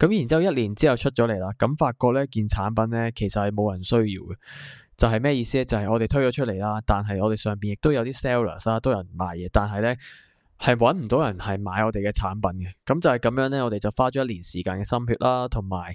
咁然之後一年之後出咗嚟啦，咁發覺呢件產品呢，其實係冇人需要嘅，就係咩意思呢？就係我哋推咗出嚟啦，但係我哋上邊亦都有啲 sellers 都有人賣嘢，但係呢係揾唔到人係買我哋嘅產品嘅，咁就係咁樣呢，我哋就花咗一年時間嘅心血啦，同埋。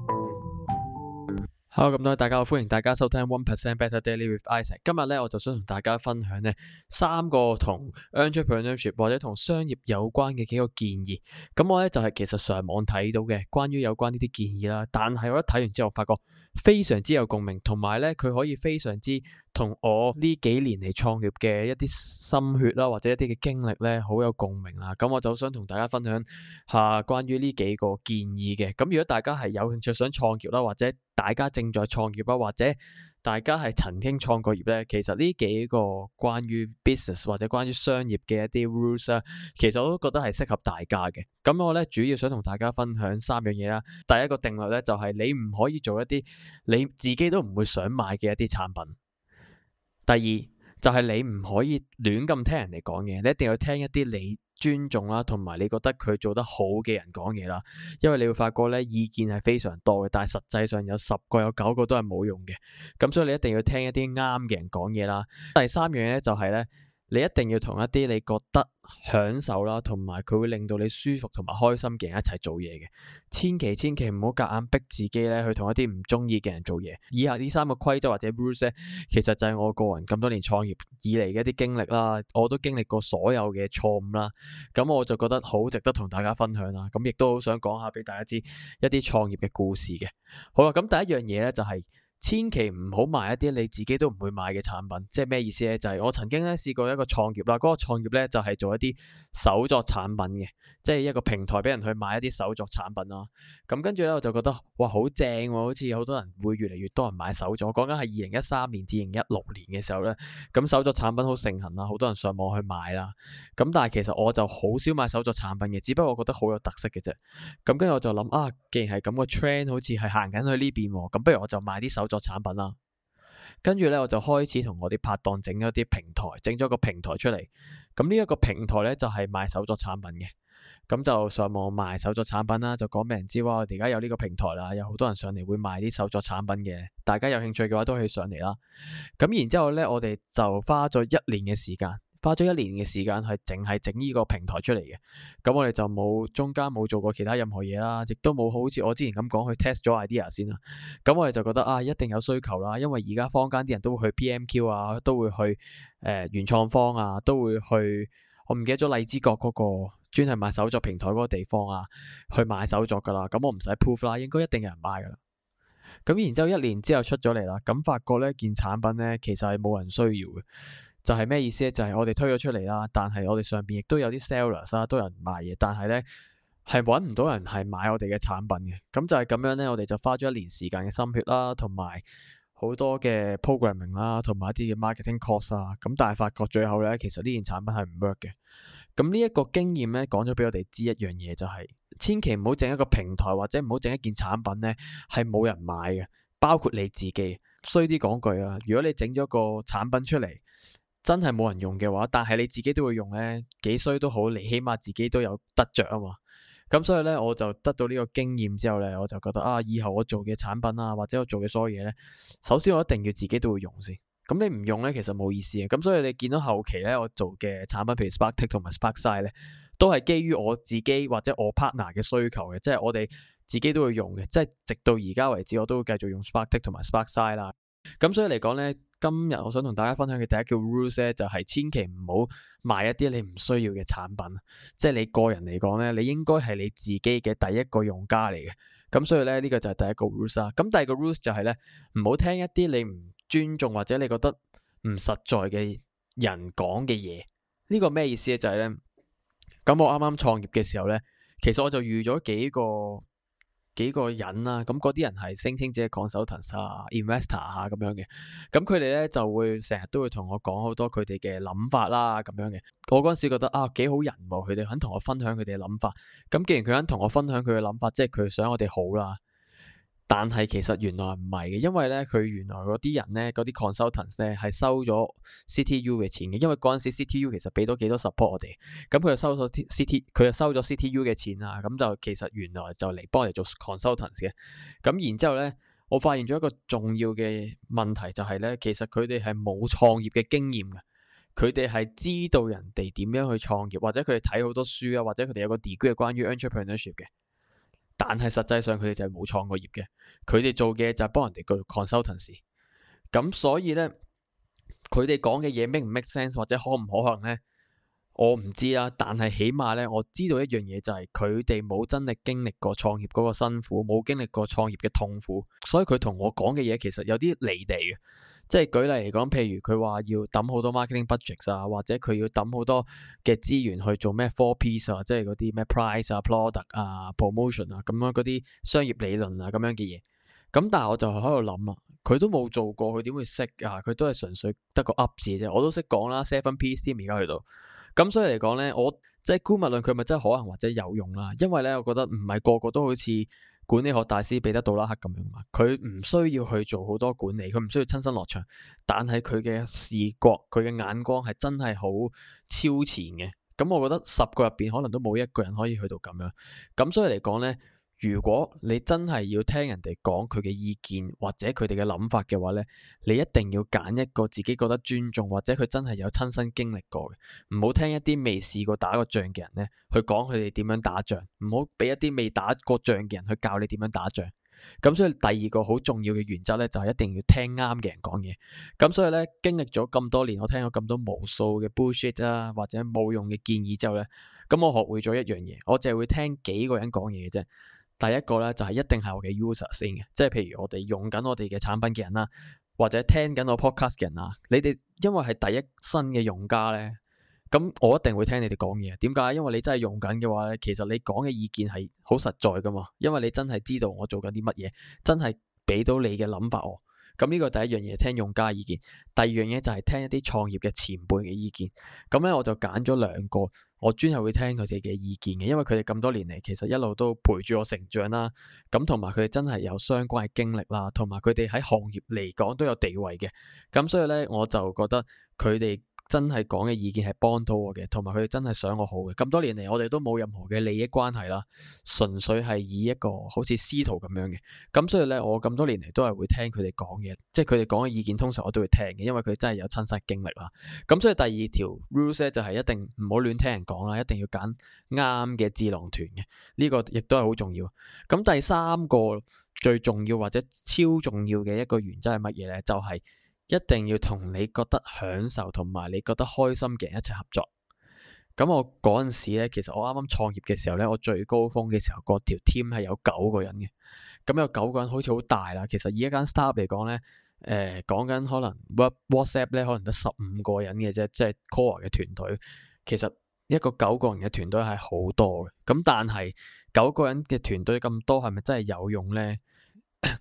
Hello 咁多位，Hello, 大家好！歡迎大家收聽 One Percent Better Daily with Isaac。今日咧，我就想同大家分享咧三個同 Entrepreneurship 或者同商業有關嘅幾個建議。咁我咧就係、是、其實上網睇到嘅關於有關呢啲建議啦。但係我一睇完之後，發覺非常之有共鳴，同埋咧佢可以非常之。同我呢幾年嚟創業嘅一啲心血啦，或者一啲嘅經歷呢，好有共鳴啦。咁我就想同大家分享下關於呢幾個建議嘅。咁如果大家係有興趣想創業啦，或者大家正在創業啊，或者大家係曾經創過業呢，其實呢幾個關於 business 或者關於商業嘅一啲 rules 啊，其實我都覺得係適合大家嘅。咁我呢，主要想同大家分享三樣嘢啦。第一個定律呢，就係你唔可以做一啲你自己都唔會想買嘅一啲產品。第二就係、是、你唔可以亂咁聽人哋講嘢，你一定要聽一啲你尊重啦，同埋你覺得佢做得好嘅人講嘢啦。因為你會發覺咧，意見係非常多嘅，但係實際上有十個有九個都係冇用嘅。咁所以你一定要聽一啲啱嘅人講嘢啦。第三樣咧就係呢。你一定要同一啲你覺得享受啦，同埋佢會令到你舒服同埋開心嘅人一齊做嘢嘅，千祈千祈唔好夾硬逼自己咧去同一啲唔中意嘅人做嘢。以下呢三個規則或者 rules 咧，其實就係我個人咁多年創業以嚟嘅一啲經歷啦，我都經歷過所有嘅錯誤啦，咁我就覺得好值得同大家分享啦。咁亦都好想講下俾大家知一啲創業嘅故事嘅。好啦，咁第一樣嘢咧就係、是。千祈唔好買一啲你自己都唔會買嘅產品，即係咩意思呢？就係、是、我曾經咧試過一個創業啦，嗰、那個創業咧就係做一啲手作產品嘅，即係一個平台俾人去買一啲手作產品啦。咁跟住咧我就覺得哇好正、啊，好似好多人會越嚟越多人買手作。講緊係二零一三年至二零一六年嘅時候咧，咁手作產品好盛行啦，好多人上網去買啦。咁但係其實我就好少買手作產品嘅，只不過我覺得好有特色嘅啫。咁跟住我就諗啊，既然係咁個 trend 好似係行緊去呢邊，咁不如我就買啲手作產品啦，跟住咧我就開始同我啲拍檔整咗啲平台，整咗個平台出嚟。咁呢一個平台咧就係賣手作產品嘅，咁就上網賣手作產品啦。就講俾人知，哇！我哋而家有呢個平台啦，有好多人上嚟會賣啲手作產品嘅，大家有興趣嘅話都可以上嚟啦。咁然之後咧，我哋就花咗一年嘅時間。花咗一年嘅時間，係淨係整呢個平台出嚟嘅，咁我哋就冇中間冇做過其他任何嘢啦，亦都冇好似我之前咁講去 test 咗 idea 先啦。咁我哋就覺得啊，一定有需求啦，因為而家坊間啲人都會去 PMQ 啊，都會去誒、呃、原創方啊，都會去我唔記得咗荔枝角嗰、嗰個專係賣手作平台嗰個地方啊，去買手作噶啦。咁我唔使 proof 啦，應該一定有人買噶啦。咁然之後一年之後出咗嚟啦，咁發覺呢件產品呢，其實係冇人需要嘅。就係咩意思咧？就係、是、我哋推咗出嚟啦，但係我哋上邊亦都有啲 sellers 啦，都有人賣嘢，但係咧，係搵唔到人係買我哋嘅產品嘅。咁就係咁樣咧，我哋就花咗一年時間嘅心血啦，同埋好多嘅 programming 啦，同埋一啲嘅 marketing course 啊。咁但係發覺最後咧，其實呢件產品係唔 work 嘅。咁呢一個經驗咧，講咗俾我哋知一樣嘢、就是，就係千祈唔好整一個平台或者唔好整一件產品咧，係冇人買嘅。包括你自己衰啲講句啊，如果你整咗個產品出嚟。真係冇人用嘅話，但係你自己都會用呢。幾衰都好，你起碼自己都有得着啊嘛。咁所以呢，我就得到呢個經驗之後呢，我就覺得啊，以後我做嘅產品啊，或者我做嘅所有嘢呢，首先我一定要自己都會用先。咁你唔用呢，其實冇意思嘅。咁所以你見到後期呢，我做嘅產品，譬如 Spark Tick 同埋 Spark Side 呢，都係基於我自己或者我 partner 嘅需求嘅，即係我哋自己都會用嘅。即係直到而家為止，我都會繼續用 Spark Tick 同埋 Spark Side 啦。咁所以嚟講呢。今日我想同大家分享嘅第一個 rules 咧，就係千祈唔好賣一啲你唔需要嘅產品。即係你個人嚟講咧，你應該係你自己嘅第一個用家嚟嘅。咁所以咧，呢個就係第一個 rules 啊。咁第二個 rules 就係咧，唔好聽一啲你唔尊重或者你覺得唔實在嘅人講嘅嘢。呢個咩意思咧？就係咧，咁我啱啱創業嘅時候咧，其實我就預咗幾個。幾個人啊，咁嗰啲人係聲稱自己係 consultants 啊、investor 啊咁樣嘅，咁佢哋咧就會成日都會同我講好多佢哋嘅諗法啦，咁樣嘅。我嗰陣時覺得啊，幾好人喎，佢哋肯同我分享佢哋嘅諗法。咁既然佢肯同我分享佢嘅諗法，即係佢想我哋好啦，啊。但係其實原來唔係嘅，因為咧佢原來嗰啲人咧嗰啲 consultants 咧係收咗 CTU 嘅錢嘅，因為嗰陣時 CTU 其實俾咗幾多 support 我哋，咁佢就收咗 CT 佢就收咗 CTU 嘅錢啊，咁就其實原來就嚟幫我哋做 consultants 嘅，咁然之後咧我發現咗一個重要嘅問題就係咧，其實佢哋係冇創業嘅經驗嘅，佢哋係知道人哋點樣去創業，或者佢哋睇好多書啊，或者佢哋有個 degree 係關於 entrepreneurship 嘅。但係實際上佢哋就係冇創過業嘅，佢哋做嘅就係幫人哋做 consultants，咁所以咧佢哋講嘅嘢 make 唔 make sense 或者可唔可行咧？我唔知啦，但係起碼咧，我知道一樣嘢就係佢哋冇真係經歷過創業嗰個辛苦，冇經歷過創業嘅痛苦，所以佢同我講嘅嘢其實有啲離地嘅。即係舉例嚟講，譬如佢話要抌好多 marketing budgets 啊，或者佢要抌好多嘅資源去做咩 four piece 啊，即係嗰啲咩 price 啊、product 啊、promotion 啊咁樣嗰啲商業理論啊咁樣嘅嘢。咁但係我就喺度諗啊，佢都冇做過，佢點會識啊？佢都係純粹得個 up 字啫。我都識講啦，seven piece team 而家去到。咁所以嚟講咧，我即係姑勿論，佢係咪真係可行或者有用啦？因為咧，我覺得唔係個個都好似管理學大師彼得杜拉克咁樣嘛，佢唔需要去做好多管理，佢唔需要親身落場，但係佢嘅視角、佢嘅眼光係真係好超前嘅。咁我覺得十個入邊可能都冇一個人可以去到咁樣。咁所以嚟講咧。如果你真係要聽人哋講佢嘅意見或者佢哋嘅諗法嘅話呢，你一定要揀一個自己覺得尊重或者佢真係有親身經歷過嘅，唔好聽一啲未試過打過仗嘅人呢去講佢哋點樣打仗，唔好俾一啲未打過仗嘅人去教你點樣打仗。咁所以第二個好重要嘅原則呢，就係一定要聽啱嘅人講嘢。咁所以呢，經歷咗咁多年，我聽咗咁多無數嘅 bullshit 啊，或者冇用嘅建議之後呢，咁我學會咗一樣嘢，我淨係會聽幾個人講嘢嘅啫。第一個咧就係一定係我嘅 user 先嘅，即係譬如我哋用緊我哋嘅產品嘅人啦，或者聽緊我 podcast 嘅人啊，你哋因為係第一身嘅用家咧，咁我一定會聽你哋講嘢。點解？因為你真係用緊嘅話咧，其實你講嘅意見係好實在㗎嘛，因為你真係知道我做緊啲乜嘢，真係俾到你嘅諗法我。咁呢個第一樣嘢，聽用家意見，第二樣嘢就係聽一啲創業嘅前輩嘅意見。咁咧我就揀咗兩個。我專係會聽佢哋嘅意見嘅，因為佢哋咁多年嚟，其實一路都陪住我成長啦。咁同埋佢哋真係有相關嘅經歷啦，同埋佢哋喺行業嚟講都有地位嘅。咁所以呢，我就覺得佢哋真係講嘅意見係幫到我嘅，同埋佢哋真係想我好嘅。咁多年嚟，我哋都冇任何嘅利益關係啦，純粹係以一個好似師徒咁樣嘅。咁所以咧，我咁多年嚟都係會聽佢哋講嘢，即係佢哋講嘅意見，通常我都會聽嘅，因為佢真係有親身經歷啦。咁所以第二條 rules 咧，就係一定唔好亂聽人講啦，一定要揀啱嘅智囊團嘅，呢個亦都係好重要。咁第三個最重要或者超重要嘅一個原則係乜嘢咧？就係。一定要同你覺得享受同埋你覺得開心嘅人一齊合作。咁我嗰陣時咧，其實我啱啱創業嘅時候呢，我最高峰嘅時候，個條 team 係有九個人嘅。咁有九個人好似好大啦。其實以一間 startup 嚟講呢，誒、呃，講緊可能 WhatsApp 咧，可能得十五個人嘅啫，即係 core 嘅團隊。其實一個九個人嘅團隊係好多嘅。咁但係九個人嘅團隊咁多，係咪真係有用呢？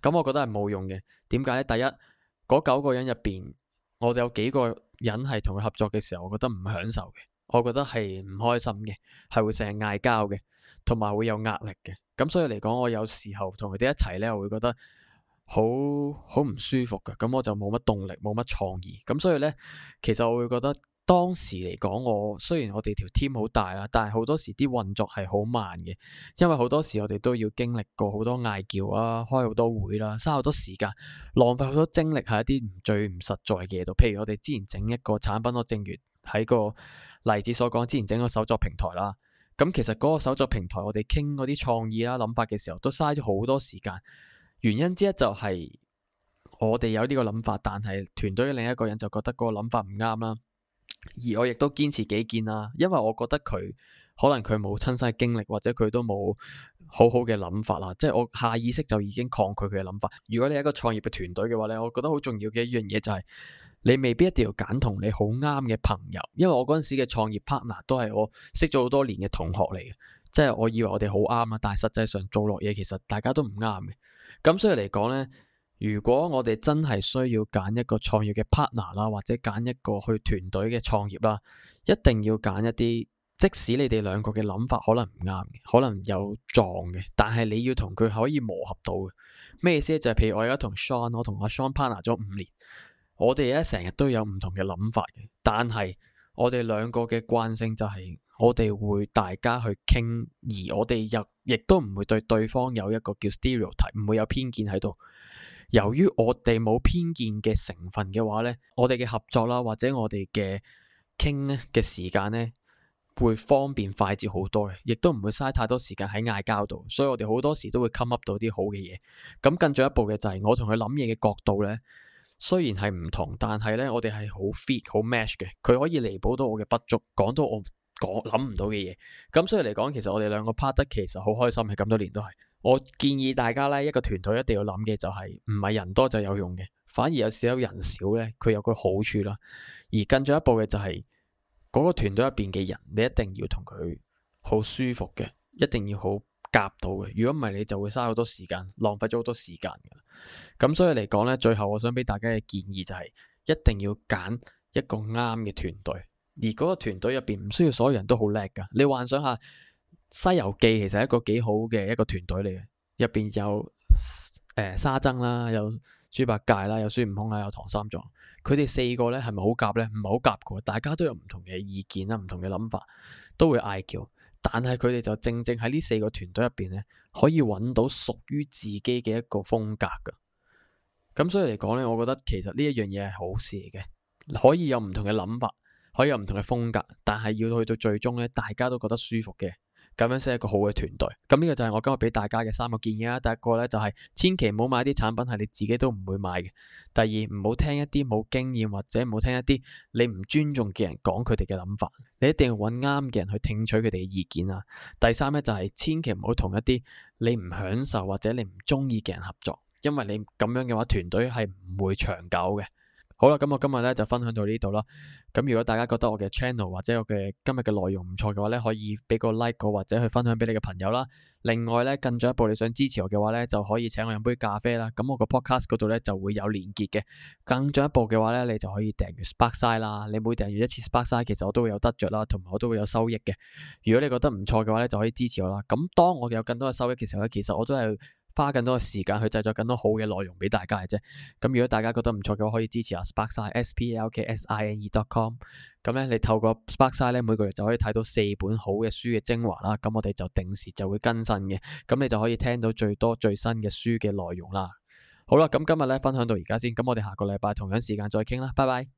咁 我覺得係冇用嘅。點解呢？第一。嗰九個人入面，我哋有幾個人係同佢合作嘅時候，我覺得唔享受嘅，我覺得係唔開心嘅，係會成日嗌交嘅，同埋會有壓力嘅。咁所以嚟講，我有時候同佢哋一齊咧，我會覺得好好唔舒服嘅。咁我就冇乜動力，冇乜創意。咁所以咧，其實我會覺得。當時嚟講，我雖然我哋條 team 好大啦，但係好多時啲運作係好慢嘅，因為好多時我哋都要經歷過好多嗌交啊，開好多會啦，嘥好多時間，浪費好多精力，喺一啲唔最唔實在嘅嘢度。譬如我哋之前整一個產品，我正如喺個例子所講，之前整個手作平台啦，咁其實嗰個手作平台我哋傾嗰啲創意啦、諗法嘅時候，都嘥咗好多時間。原因之一就係我哋有呢個諗法，但係團隊另一個人就覺得嗰個諗法唔啱啦。而我亦都堅持己見啦，因為我覺得佢可能佢冇親身嘅經歷，或者佢都冇好好嘅諗法啦。即係我下意識就已經抗拒佢嘅諗法。如果你係一個創業嘅團隊嘅話咧，我覺得好重要嘅一樣嘢就係你未必一定要揀同你好啱嘅朋友。因為我嗰陣時嘅創業 partner 都係我識咗好多年嘅同學嚟嘅，即係我以為我哋好啱啊，但係實際上做落嘢其實大家都唔啱嘅。咁所以嚟講咧。如果我哋真係需要揀一個創業嘅 partner 啦，或者揀一個去團隊嘅創業啦，一定要揀一啲，即使你哋兩個嘅諗法可能唔啱，可能有撞嘅，但係你要同佢可以磨合到嘅。咩意思咧？就係譬如我而家同 Shawn，我同阿 Shawn partner 咗五年，我哋咧成日都有唔同嘅諗法嘅，但係我哋兩個嘅慣性就係我哋會大家去傾，而我哋又亦都唔會對對方有一個叫 stereotype，唔會有偏見喺度。由於我哋冇偏見嘅成分嘅話呢，我哋嘅合作啦，或者我哋嘅傾嘅時間呢，會方便快捷好多嘅，亦都唔會嘥太多時間喺嗌交度。所以，我哋好多時都會 come up 到啲好嘅嘢。咁更進一步嘅就係我同佢諗嘢嘅角度呢，雖然係唔同，但係呢，我哋係好 fit、好 match 嘅。佢可以彌補到我嘅不足，講到我講諗唔到嘅嘢，咁所以嚟講，其實我哋兩個拍得其實好開心，係咁多年都係。我建議大家呢一個團隊一定要諗嘅就係，唔係人多就有用嘅，反而有時候人少呢，佢有個好處啦。而更進一步嘅就係，嗰個團隊入邊嘅人，你一定要同佢好舒服嘅，一定要好夾到嘅。如果唔係，你就會嘥好多時間，浪費咗好多時間。咁所以嚟講呢，最後我想俾大家嘅建議就係，一定要揀一個啱嘅團隊。而嗰個團隊入邊唔需要所有人都好叻噶。你幻想下《西遊記》其實係一個幾好嘅一個團隊嚟嘅，入邊有誒、呃、沙僧啦，有豬八戒啦，有孫悟空啦，有唐三藏。佢哋四個咧係咪好夾咧？唔係好夾嘅，大家都有唔同嘅意見啦、啊，唔同嘅諗法，都會嗌交。但係佢哋就正正喺呢四個團隊入邊咧，可以揾到屬於自己嘅一個風格嘅。咁所以嚟講咧，我覺得其實呢一樣嘢係好事嚟嘅，可以有唔同嘅諗法。可以有唔同嘅風格，但係要去到最終咧，大家都覺得舒服嘅，咁樣先係一個好嘅團隊。咁呢個就係我今日俾大家嘅三個建議啦。第一個呢，就係千祈唔好買啲產品係你自己都唔會買嘅。第二，唔好聽一啲冇經驗，或者唔好聽一啲你唔尊重嘅人講佢哋嘅諗法。你一定要揾啱嘅人去聽取佢哋嘅意見啦。第三呢，就係千祈唔好同一啲你唔享受或者你唔中意嘅人合作，因為你咁樣嘅話團隊係唔會長久嘅。好啦，咁我今日咧就分享到呢度啦。咁如果大家覺得我嘅 channel 或者我嘅今日嘅內容唔錯嘅話咧，可以俾個 like 我，或者去分享俾你嘅朋友啦。另外咧，更進一步你想支持我嘅話咧，就可以請我飲杯咖啡啦。咁我個 podcast 嗰度咧就會有連結嘅。更進一步嘅話咧，你就可以訂閱 Sparkside 啦。你每訂閱一次 Sparkside，其實我都會有得着啦，同埋我都會有收益嘅。如果你覺得唔錯嘅話咧，就可以支持我啦。咁當我有更多嘅收益嘅時候咧，其實我都係。花更多嘅時間去製作更多好嘅內容俾大家嘅啫。咁如果大家覺得唔錯嘅話，可以支持下 Sparksine，S、P、A、R、K、S、I、N、E dot com。咁咧，你透過 Sparksine 咧，每個月就可以睇到四本好嘅書嘅精華啦。咁我哋就定時就會更新嘅。咁你就可以聽到最多最新嘅書嘅內容啦。好啦，咁今日咧分享到而家先。咁我哋下個禮拜同樣時間再傾啦。拜拜。